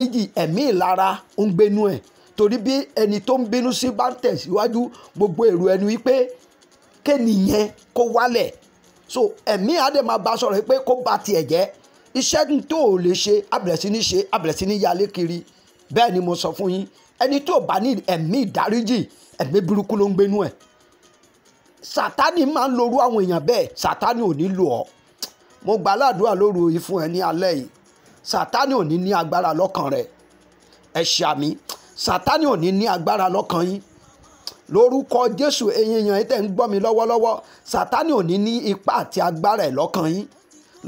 méjì ẹ̀mí ìlara ń gbénú ẹ̀ torí bí ẹni tó ń bínú sí bá ń tẹ̀síwájú gbogbo èrò ẹni wípé kéènìyẹn kó wálẹ̀ so ẹ̀mí àdèmà bá sọ̀rọ̀ pé kó ba tiẹ̀ jẹ́ iṣẹ́ tó o lè ṣe abẹ̀rẹ̀ sí ní ṣe abẹ̀rẹ̀ sí ní yalé kiri bẹ́ẹ̀ ni mo sọ fún yín ẹni tó bá ní ẹ̀mí ìdáríjì ẹ̀mí burúkú ló ń gbénú ẹ̀ sátani máa ń lorú àwọn èèyàn bẹ́ẹ̀ sátani ò ní lò ọ́ mo gbàládùá lóru yìí fún ẹ ní alẹ́ yìí sátánì ò ní ní agbára lọ́kàn rẹ̀ ẹ ṣàmì sátánì ò ní ní agbára lọ́kàn yín lórúkọ jésù èèyàn ẹ tẹ́ ń gbọ́ mi lọ́wọ́lọ́wọ́ sátánì ò ní ní ipá àti agbára ẹ̀ lọ́kàn yín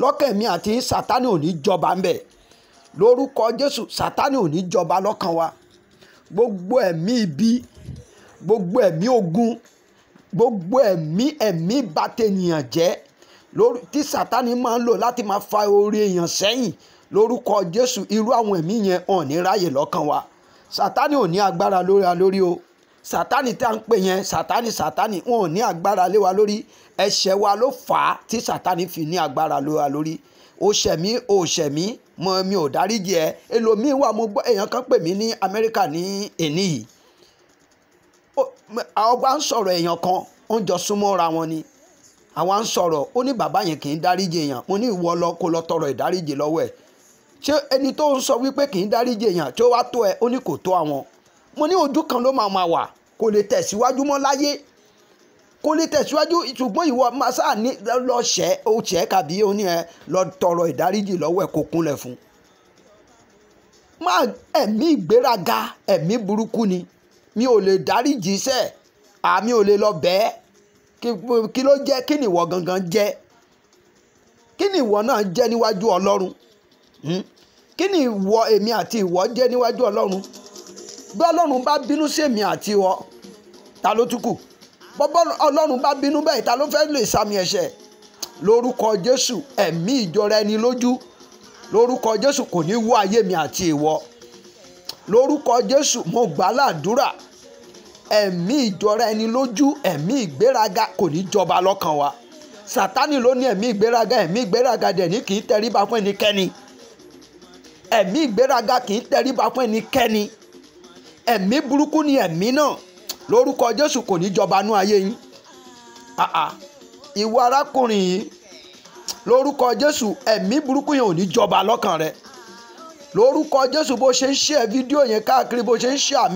lọ́kàn mi àti sátánì ò ní jọba ń bẹ̀ lórúkọ jésù sátánì ò ní jọba lọ́kàn wa gbogbo ẹ̀mí ibi gbogbo ẹ̀mí ogun gbogbo ẹ̀mí ẹ̀mí bà tènìyàn jẹ́ lórí tí sátánì máa ń lò láti máa fa orí èèyàn sẹ́yìn lórúkọ jésù irú àwọn ẹ̀mí yẹn ò ní ráyè lọ́kàn wa sátánì ò ní agbára lórí wa lórí o sátánì tá ń pè yẹn sátánì sátánì wọn ò ní agbára lé wa lórí ẹ̀ṣẹ̀ wa ló fà á tí sátánì fi ní agbára lé wa lórí o ṣẹ̀mí o ṣẹ̀mí mo mi ò dáríjì ẹ ẹlòmíì wà mo gbọ́ èèyàn kan pè mí ní amẹ́ríkà ní èní yìí ọba ń sọ̀rọ̀ èèyàn kan ó ń jọ súnmọ́ wọn ni àwa ń sọ̀rọ̀ ó ní bàbá yẹn kì í dáríjì èèyàn mo ní ìwọ lọ kó lọ tọrọ ìdáríjì lọ́wọ́ ẹ̀ ṣé ẹni tó ń sọ wípé kì í dáríjì èèyàn tí ó wá tó ẹ ó ní kò tó àwọn mo ní ojú kan ló máa máa wà kò lè tẹ̀síwájú mọ́ láyé kò lè tẹ̀síwájú ṣùgbọ́n ìwọ masa ní lọ ṣẹ́ ó ṣẹ́ kàbí ó ní ẹ lọ tọrọ ìdáríjì lọ́wọ́ ẹ̀ kó kúnlẹ̀ fún máa ẹ̀mí ìgbéraga ẹ̀mí burúkú ni mi ò lè dáríjì iṣẹ́ àmì ò lè lọ bẹ́ẹ̀ kí ló jẹ́ kí nìwọ gangan jẹ́ kí nìwọ náà jẹ́ níwájú ọlọ́run Hmm? kí ni ìwọ èmi àti ìwọ jẹ́ níwájú ọlọ́run bí ọlọ́run bá bínú sí èmi àti ìwọ ta ló tún kù bọ́bọ́ ọlọ́run bá bínú bẹ́ẹ̀ ta ló fẹ́ lè sàmì ẹ̀ṣẹ̀ lórúkọ jésù ẹ̀mí ìjọra ẹni lójú lórúkọ jésù kò ní wọ ayé mi àti ìwọ lórúkọ jésù mo gbà ládùúrà ẹ̀mí ìjọra ẹni lójú ẹ̀mí ìgbéraga kò ní jọba lọ́kàn wa sátánì ló ní ẹ̀mí ìgbéraga ẹ̀mí ìgbéraga dẹ̀ ní kì í tẹríba fún ẹnikẹ́ni ẹ̀mí ìgbéraga kì í tẹríba fún ẹnikẹ́ni ẹ̀mí burúkú ni ẹ̀mí náà lórúkọ Jésù kò ní jọba nú ayé yín àà ìwọ arákùnrin yìí lórúkọ Jésù ẹ̀mí burúkú yẹn ò ní jọba lọ́kàn rẹ lórúkọ Jésù bó ṣe ń ṣe fídíò yẹn káàkiri bó ṣe ń ṣe àmì.